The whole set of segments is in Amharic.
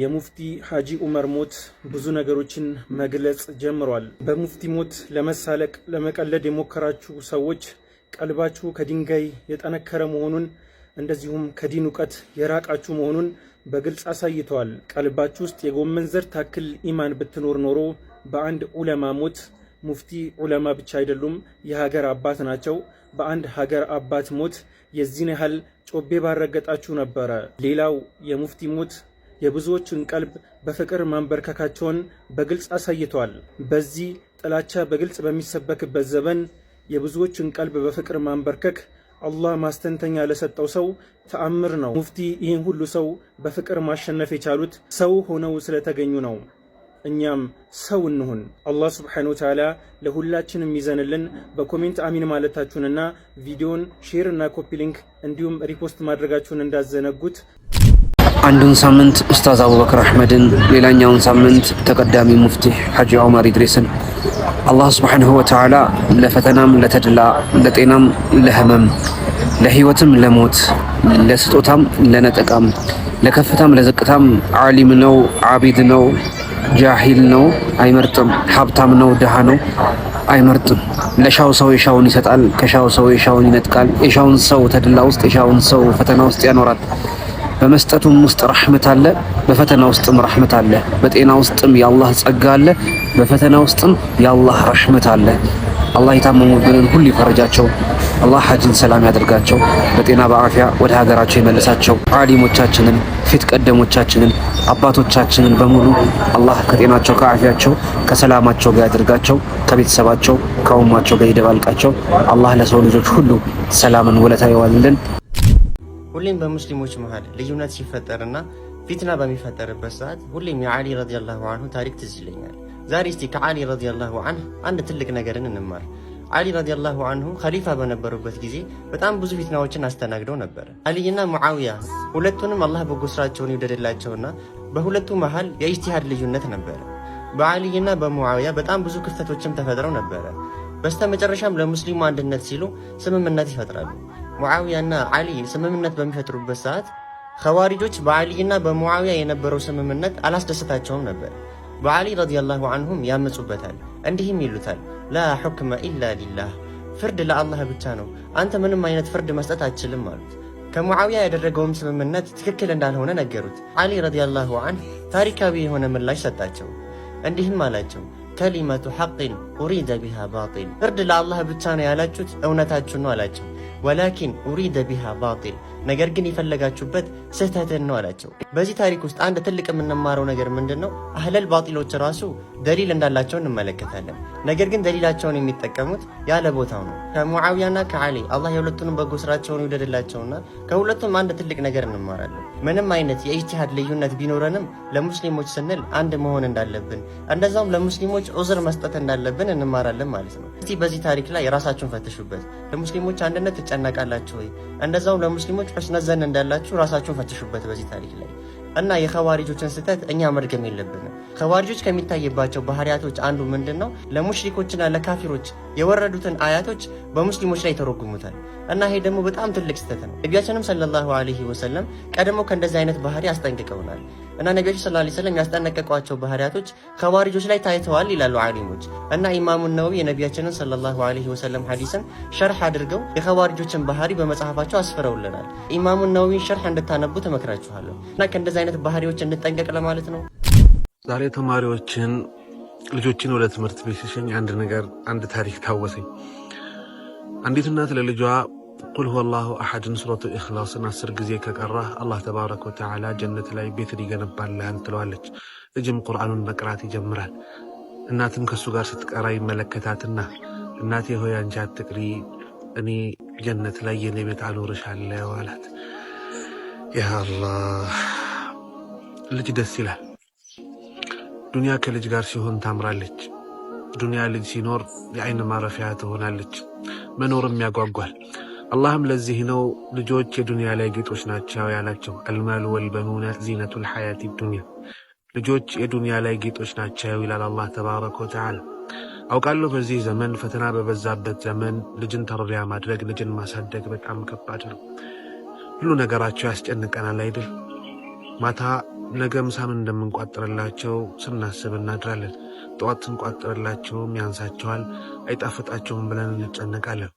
የሙፍቲ ሀጂ ኡመር ሞት ብዙ ነገሮችን መግለጽ ጀምሯል። በሙፍቲ ሞት ለመሳለቅ ለመቀለድ የሞከራችሁ ሰዎች ቀልባችሁ ከድንጋይ የጠነከረ መሆኑን እንደዚሁም ከዲን እውቀት የራቃችሁ መሆኑን በግልጽ አሳይተዋል። ቀልባችሁ ውስጥ የጎመን ዘር ታክል ኢማን ብትኖር ኖሮ በአንድ ዑለማ ሞት ሙፍቲ ዑለማ ብቻ አይደሉም፣ የሀገር አባት ናቸው። በአንድ ሀገር አባት ሞት የዚህን ያህል ጮቤ ባረገጣችሁ ነበረ። ሌላው የሙፍቲ ሞት የብዙዎችን ቀልብ በፍቅር ማንበርከካቸውን በግልጽ አሳይተዋል። በዚህ ጥላቻ በግልጽ በሚሰበክበት ዘመን የብዙዎችን ቀልብ በፍቅር ማንበርከክ አላህ ማስተንተኛ ለሰጠው ሰው ተአምር ነው። ሙፍቲ ይህን ሁሉ ሰው በፍቅር ማሸነፍ የቻሉት ሰው ሆነው ስለተገኙ ነው። እኛም ሰው እንሁን። አላህ ስብሓነሁ ወተዓላ ለሁላችንም ይዘንልን። በኮሜንት አሚን ማለታችሁንና ቪዲዮን ሼር እና ኮፒ ሊንክ እንዲሁም ሪፖስት ማድረጋችሁን እንዳዘነጉት አንዱን ሳምንት ኡስታዝ አቡበክር አሕመድን፣ ሌላኛውን ሳምንት ተቀዳሚ ሙፍቲ ሐጂ ዑመር ኢድሪስን አላህ ስብሓንሁ ወተዓላ ለፈተናም፣ ለተድላ፣ ለጤናም፣ ለህመም፣ ለህይወትም፣ ለሞት፣ ለስጦታም፣ ለነጠቃም፣ ለከፍታም፣ ለዝቅታም ዓሊም ነው፣ ዓቢድ ነው፣ ጃሂል ነው አይመርጥም። ሀብታም ነው፣ ድሃ ነው አይመርጥም። ለሻው ሰው የሻውን ይሰጣል፣ ከሻው ሰው የሻውን ይነጥቃል። የሻውን ሰው ተድላ ውስጥ፣ የሻውን ሰው ፈተና ውስጥ ያኖራል። በመስጠቱም ውስጥ ረህመት አለ፣ በፈተና ውስጥም ረህመት አለ። በጤና ውስጥም የአላህ ጸጋ አለ፣ በፈተና ውስጥም የአላህ ረህመት አለ። አላህ የታመሙብንን ሁሉ ይፈረጃቸው። አላህ ሀጅን ሰላም ያደርጋቸው፣ በጤና በአፊያ ወደ ሀገራቸው የመልሳቸው። አሊሞቻችንን ፊት ቀደሞቻችንን አባቶቻችንን በሙሉ አላህ ከጤናቸው ከአፊያቸው ከሰላማቸው ጋር ያደርጋቸው፣ ከቤተሰባቸው ከውማቸው ጋር ይደባልቃቸው። አላህ ለሰው ልጆች ሁሉ ሰላምን ውለታ ይዋልልን። ሁሌም በሙስሊሞች መሀል ልዩነት ሲፈጠርና ፊትና በሚፈጠርበት ሰዓት ሁሌም የዓሊ ረዲየላሁ አንሁ ታሪክ ትዝ ይለኛል። ዛሬ እስቲ ከዓሊ ረዲየላሁ አንሁ አንድ ትልቅ ነገርን እንማር። ዓሊ ረዲየላሁ አንሁ ኸሊፋ በነበሩበት ጊዜ በጣም ብዙ ፊትናዎችን አስተናግደው ነበር። አልይና ሙዓዊያ ሁለቱንም አላህ በጎ ስራቸውን ይውደድላቸውና በሁለቱ መሃል የኢጅቲሃድ ልዩነት ነበረ። በአልይና በሙዓዊያ በጣም ብዙ ክፍተቶችም ተፈጥረው ነበረ። በስተመጨረሻም ለሙስሊሙ አንድነት ሲሉ ስምምነት ይፈጥራሉ። ሙዓዊያና ዓሊ ስምምነት በሚፈጥሩበት ሰዓት ኸዋሪጆች በዓሊና በሙዓዊያ የነበረው ስምምነት አላስደሰታቸውም ነበር። በዓሊ ረዲየላሁ አንሁም ያመፁበታል። እንዲህም ይሉታል፣ ላ ሑክመ ኢላ ሊላህ፣ ፍርድ ለአላህ ብቻ ነው፣ አንተ ምንም አይነት ፍርድ መስጠት አትችልም አሉት። ከሙዓዊያ ያደረገውም ስምምነት ትክክል እንዳልሆነ ነገሩት። ዓሊ ረዲየላሁ አንህ ታሪካዊ የሆነ ምላሽ ሰጣቸው። እንዲህም አላቸው كلمة حق أريد بها باطل. ارد لله بتشان يا لاتشوت أو نتاتشون ولكن أريد بها باطل. ነገር ግን የፈለጋችሁበት ስህተትን ነው አላቸው። በዚህ ታሪክ ውስጥ አንድ ትልቅ የምንማረው ነገር ምንድን ነው? አህለል ባጢሎች ራሱ ደሊል እንዳላቸው እንመለከታለን። ነገር ግን ደሊላቸውን የሚጠቀሙት ያለ ቦታው ነው። ከሙዓዊያና ከአሊ አላህ የሁለቱንም በጎ ስራቸውን ይውደድላቸውና ከሁለቱም አንድ ትልቅ ነገር እንማራለን። ምንም አይነት የኢጅቲሃድ ልዩነት ቢኖረንም ለሙስሊሞች ስንል አንድ መሆን እንዳለብን፣ እንደዛውም ለሙስሊሞች ዑዝር መስጠት እንዳለብን እንማራለን ማለት ነው። እስቲ በዚህ ታሪክ ላይ የራሳችሁን ፈትሹበት። ለሙስሊሞች አንድነት ትጨነቃላችሁ ወይ? እንደዛውም ለሙስሊሞች ቀሽነዘን እንዳላችሁ ራሳችሁን ፈትሹበት በዚህ ታሪክ ላይ እና የኸዋሪጆችን ስህተት እኛ መድገም የለብንም። ኸዋሪጆች ከሚታይባቸው ባህሪያቶች አንዱ ምንድን ነው? ለሙሽሪኮችና ለካፊሮች የወረዱትን አያቶች በሙስሊሞች ላይ ተረጉሙታል እና ይሄ ደግሞ በጣም ትልቅ ስህተት ነው። ነቢያችንም ሰለላሁ አለይሂ ወሰለም ቀድሞ ከእንደዚህ አይነት ባህሪ አስጠንቅቀውናል። እና ነቢያችን ሰለላሁ ዐለይሂ ወሰለም ያስጠነቀቋቸው ባህሪያቶች ከዋሪጆች ላይ ታይተዋል ይላሉ ዓሊሞች። እና ኢማሙ ነወዊ የነቢያችንን ሰለላሁ ዐለይሂ ወሰለም ሐዲስን ሸርሕ አድርገው የኸዋሪጆችን ባህሪ በመጽሐፋቸው አስፍረውልናል። ኢማሙ ነወዊን ሸርሕ እንድታነቡ ተመክራችኋለሁ። እና ከእንደዚህ አይነት ባህሪዎች እንጠንቀቅ ለማለት ነው። ዛሬ ተማሪዎችን ልጆችን ወደ ትምህርት ቤት ሲሸኝ አንድ ነገር አንድ ታሪክ ታወሰኝ። አንዲት እናት ለልጇ ቁል ሁወ ላሁ አሐድን ሱረቱ ኢኽላስን አስር ጊዜ ከቀራህ አላህ ተባረከ ወተዓላ ጀነት ላይ ቤት ይገነባልሃል ትለዋለች። ልጅም ቁርአኑን መቅራት ይጀምራል። እናትም ከእሱ ጋር ስትቀራ ይመለከታትና እናቴ ሆይ አንቺ አትቅሪ፣ እኔ ጀነት ላይ የኔ ቤት አኖርሻለሁ አላት። ያ አላህ ልጅ ደስ ይላል። ዱንያ ከልጅ ጋር ሲሆን ታምራለች። ዱንያ ልጅ ሲኖር የአይን ማረፊያ ትሆናለች። መኖርም ያጓጓል። አላህም ለዚህ ነው ልጆች የዱንያ ላይ ጌጦች ናቸው ያላቸው። አልማል ወልበኑነ ዚነቱ ልሐያት ዱንያ፣ ልጆች የዱንያ ላይ ጌጦች ናቸው ይላል አላህ ተባረከ ወተዓላ። አውቃለሁ በዚህ ዘመን ፈተና በበዛበት ዘመን ልጅን ተርቢያ ማድረግ ልጅን ማሳደግ በጣም ከባድ ነው። ሁሉ ነገራቸው ያስጨንቀናል አይደል? ማታ ነገ ምሳምን እንደምንቋጥርላቸው ስናስብ እናድራለን። ጠዋት ስንቋጥርላቸውም ያንሳቸዋል፣ አይጣፍጣቸውም ብለን እንጨነቃለን።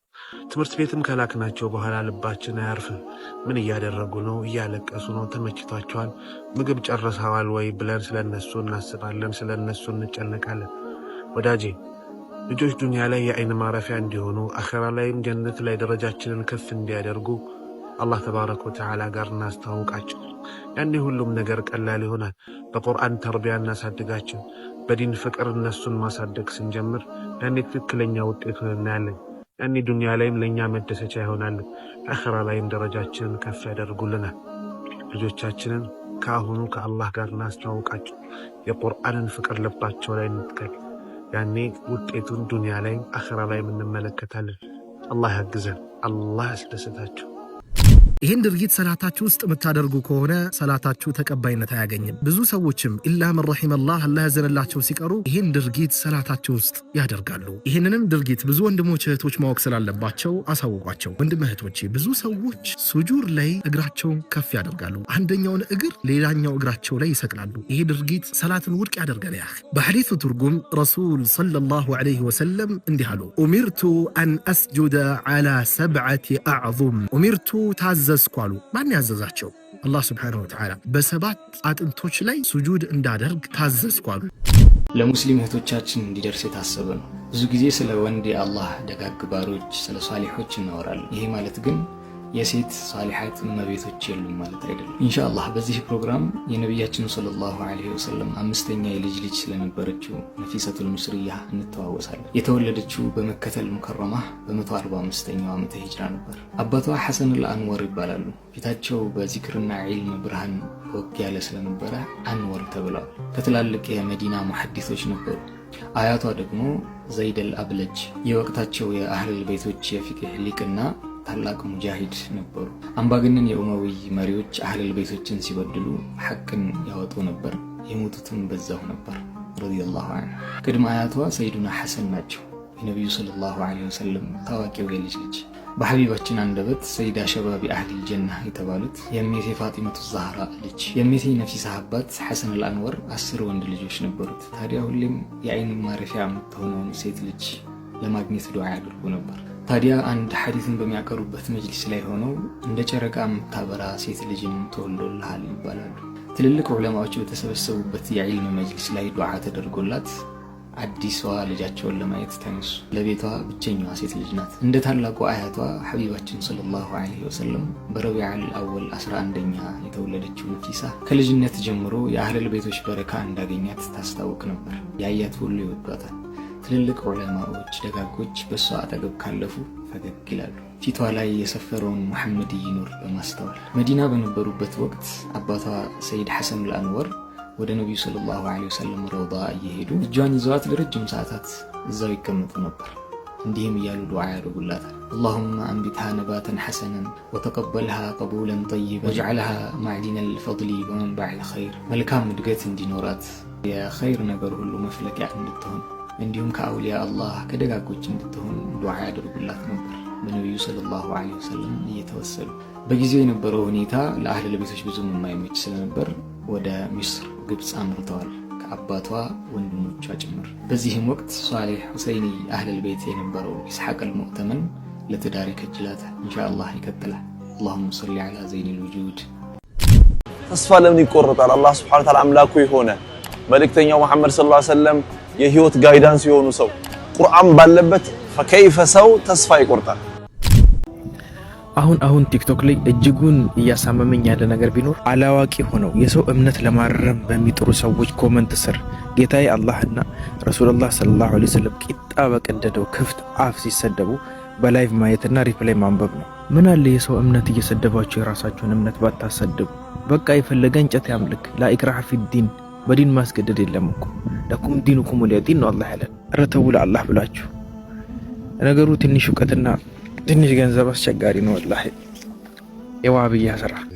ትምህርት ቤትም ከላክናቸው በኋላ ልባችን አያርፍም። ምን እያደረጉ ነው? እያለቀሱ ነው? ተመችቷቸዋል? ምግብ ጨርሰዋል ወይ ብለን ስለነሱ እናስባለን፣ ስለነሱ እንጨነቃለን። ወዳጄ ልጆች ዱንያ ላይ የአይን ማረፊያ እንዲሆኑ አኸራ ላይም ጀነት ላይ ደረጃችንን ከፍ እንዲያደርጉ አላህ ተባረከ ወተዓላ ጋር እናስተዋውቃቸው። ያኔ ሁሉም ነገር ቀላል ይሆናል። በቁርአን ተርቢያ እናሳድጋቸው። በዲን ፍቅር እነሱን ማሳደግ ስንጀምር ያኔ ትክክለኛ ውጤቱን እናያለን። ያኔ ዱንያ ላይም ለእኛ መደሰቻ ይሆናሉ፣ አኸራ ላይም ደረጃችንን ከፍ ያደርጉልናል። ልጆቻችንን ከአሁኑ ከአላህ ጋር እናስተዋውቃቸው፣ የቁርአንን ፍቅር ልባቸው ላይ እንትከል። ያኔ ውጤቱን ዱንያ ላይም አኸራ ላይም እንመለከታለን። አላህ ያግዘን። አላህ ያስደሰታቸው። ይህን ድርጊት ሰላታችሁ ውስጥ የምታደርጉ ከሆነ ሰላታችሁ ተቀባይነት አያገኝም። ብዙ ሰዎችም ኢላ መን ረሒመላህ አላህ ያዘነላቸው ሲቀሩ ይህን ድርጊት ሰላታቸው ውስጥ ያደርጋሉ። ይህንንም ድርጊት ብዙ ወንድሞች እህቶች ማወቅ ስላለባቸው አሳውቋቸው። ወንድም እህቶቼ፣ ብዙ ሰዎች ሱጁድ ላይ እግራቸውን ከፍ ያደርጋሉ። አንደኛውን እግር ሌላኛው እግራቸው ላይ ይሰቅላሉ። ይሄ ድርጊት ሰላትን ውድቅ ያደርጋል። ያ በሐዲሱ ትርጉም ረሱል ሰለላሁ ዐለይሂ ወሰለም እንዲህ አሉ፣ ኡሚርቱ አን አስጁደ ዐላ ሰብዐቲ አዕዙም ኡሚርቱ ታዘ አዘዝኩ አሉ። ማን ያዘዛቸው? አላህ ስብሓነሁ ወተዓላ በሰባት አጥንቶች ላይ ሱጁድ እንዳደርግ ታዘዝኩ አሉ። ለሙስሊም እህቶቻችን እንዲደርስ የታሰበ ነው። ብዙ ጊዜ ስለ ወንድ የአላህ ደጋግባሮች ስለ ሷሊሖች እናወራለን። ይሄ ማለት ግን የሴት ሳሊሓት እመቤቶች የሉም ማለት አይደለም። ኢንሻአላህ በዚህ ፕሮግራም የነቢያችን ሰለላሁ ዐለይሂ ወሰለም አምስተኛ የልጅ ልጅ ስለነበረችው ነፊሰቱል ሚስርያ እንተዋወሳለን። የተወለደችው በመከተል ሙከረማ በ145ኛው ዓመተ ሂጅራ ነበር። አባቷ ሐሰን አልአንወር ይባላሉ። ፊታቸው በዚክርና ዒልም ብርሃን ወግ ያለ ስለነበረ አንወር ተብለዋል። ከትላልቅ የመዲና ሙሐዲሶች ነበሩ። አያቷ ደግሞ ዘይደል አብለጅ የወቅታቸው የአህልል ቤቶች የፊቅህ ሊቅና ታላቅ ሙጃሂድ ነበሩ። አምባገነን የኡመዊ መሪዎች አህለል ቤቶችን ሲበድሉ ሐቅን ያወጡ ነበር፣ የሞቱትም በዛው ነበር ረዲየላሁ አንሁ። ቅድመ አያቷ ሰይዱና ሐሰን ናቸው፣ የነቢዩ ሰለላሁ ዐለይሂ ወሰለም ታዋቂው የልጅ ልጅ። በሐቢባችን አንደበት ሰይዳ ሸባቢ አህሊል ጀና የተባሉት የእሜቴ ፋጢመቱ ዛህራ ልጅ የእሜቴ ነፊሳ አባት ሐሰን አልአንወር አስር ወንድ ልጆች ነበሩት። ታዲያ ሁሌም የአይን ማረፊያ የምትሆነውን ሴት ልጅ ለማግኘት ዱዓ ያደርጉ ነበር። ታዲያ አንድ ሀዲትን በሚያቀርቡበት መጅሊስ ላይ ሆነው እንደ ጨረቃ ምታበራ ሴት ልጅን ተወልዶልሃል ይባላሉ። ትልልቅ ዑለማዎች በተሰበሰቡበት የዕልም መጅሊስ ላይ ዱዓ ተደርጎላት አዲሷ ልጃቸውን ለማየት ተነሱ። ለቤቷ ብቸኛዋ ሴት ልጅ ናት። እንደ ታላቁ አያቷ ሐቢባችን ሰለላሁ ዐለይሂ ወሰለም በረቢዓል አወል 11ኛ የተወለደችው ኪሳ ከልጅነት ጀምሮ የአህለል ቤቶች በረካ እንዳገኛት ታስታውቅ ነበር። ያያት ሁሉ ይወዷታል። ትልልቅ ዑለማዎች፣ ደጋጎች በእሷ አጠገብ ካለፉ ፈገግ ይላሉ። ፊቷ ላይ የሰፈረውን መሐመድ ይኑር በማስተዋል መዲና በነበሩበት ወቅት አባቷ ሰይድ ሐሰን አልአንወር ወደ ነቢዩ ሰለላሁ ዐለይሂ ወሰለም ረውዳ እየሄዱ እጇን ይዘዋት ለረጅም ሰዓታት እዛው ይቀመጡ ነበር። እንዲህም እያሉ ዱዓ ያደርጉላታል። አላሁመ አንቢትሃ ነባተን ሐሰነን ወተቀበልሃ ቀቡለን ጠይበ ወጅዓልሃ ማዕዲነል ፈድሊ ወመንባዕል ኸይር መልካም እድገት እንዲኖራት የኸይር ነገር ሁሉ መፍለቂያ እንድትሆን እንዲሁም ከአውሊያ አላህ ከደጋጎች እንድትሆን ዱዓ ያደርጉላት ነበር በነቢዩ ሰለላሁ ዐለይሂ ወሰለም እየተወሰዱ። በጊዜው የነበረው ሁኔታ ለአህል ቤቶች ብዙም የማይመች ስለነበር ወደ ሚስር ግብፅ አምርተዋል ከአባቷ ወንድሞቿ ጭምር። በዚህም ወቅት ሷሌሕ ሁሰይኒ አህለል ቤት የነበረው ኢስሐቅ አልሙዕተመን ለትዳር ይከጅላታል። ኢንሻአላህ ይቀጥላል። አላሁመ ሰሊ ዐላ ዘይኒል ውጁድ። ተስፋ ለምን ይቆረጣል? አላህ ስብሐነ ወተዓላ አምላኩ የሆነ መልእክተኛው መሐመድ ሰለላሁ ዐለይሂ ወሰለም የህይወት ጋይዳንስ የሆኑ ሰው ቁርአን ባለበት ፈከይፈ ሰው ተስፋ ይቆርጣል። አሁን አሁን ቲክቶክ ላይ እጅጉን እያሳመመኝ ያለ ነገር ቢኖር አላዋቂ ሆነው የሰው እምነት ለማረም በሚጥሩ ሰዎች ኮመንት ስር ጌታዬ አላህና ረሱሉላህ ሰለላሁ ዐለይሂ ወሰለም ቂጣ በቀደደው ክፍት አፍ ሲሰደቡ በላይቭ ማየትና ሪፕላይ ማንበብ ነው። ምን አለ የሰው እምነት እየሰደባቸው የራሳቸውን እምነት ባታሰድቡ። በቃ የፈለገ እንጨት ያምልክ ላኢክራህ ፊዲን በዲን ማስገደድ የለም እኮ ለኩም ዲኑኩም ወሊየ ዲን ነው አላህ ያለን። ኧረ ተው ለአላህ ብላችሁ። ነገሩ ትንሽ እውቀትና ትንሽ ገንዘብ አስቸጋሪ ነው ወላሂ የዋብያ ስራ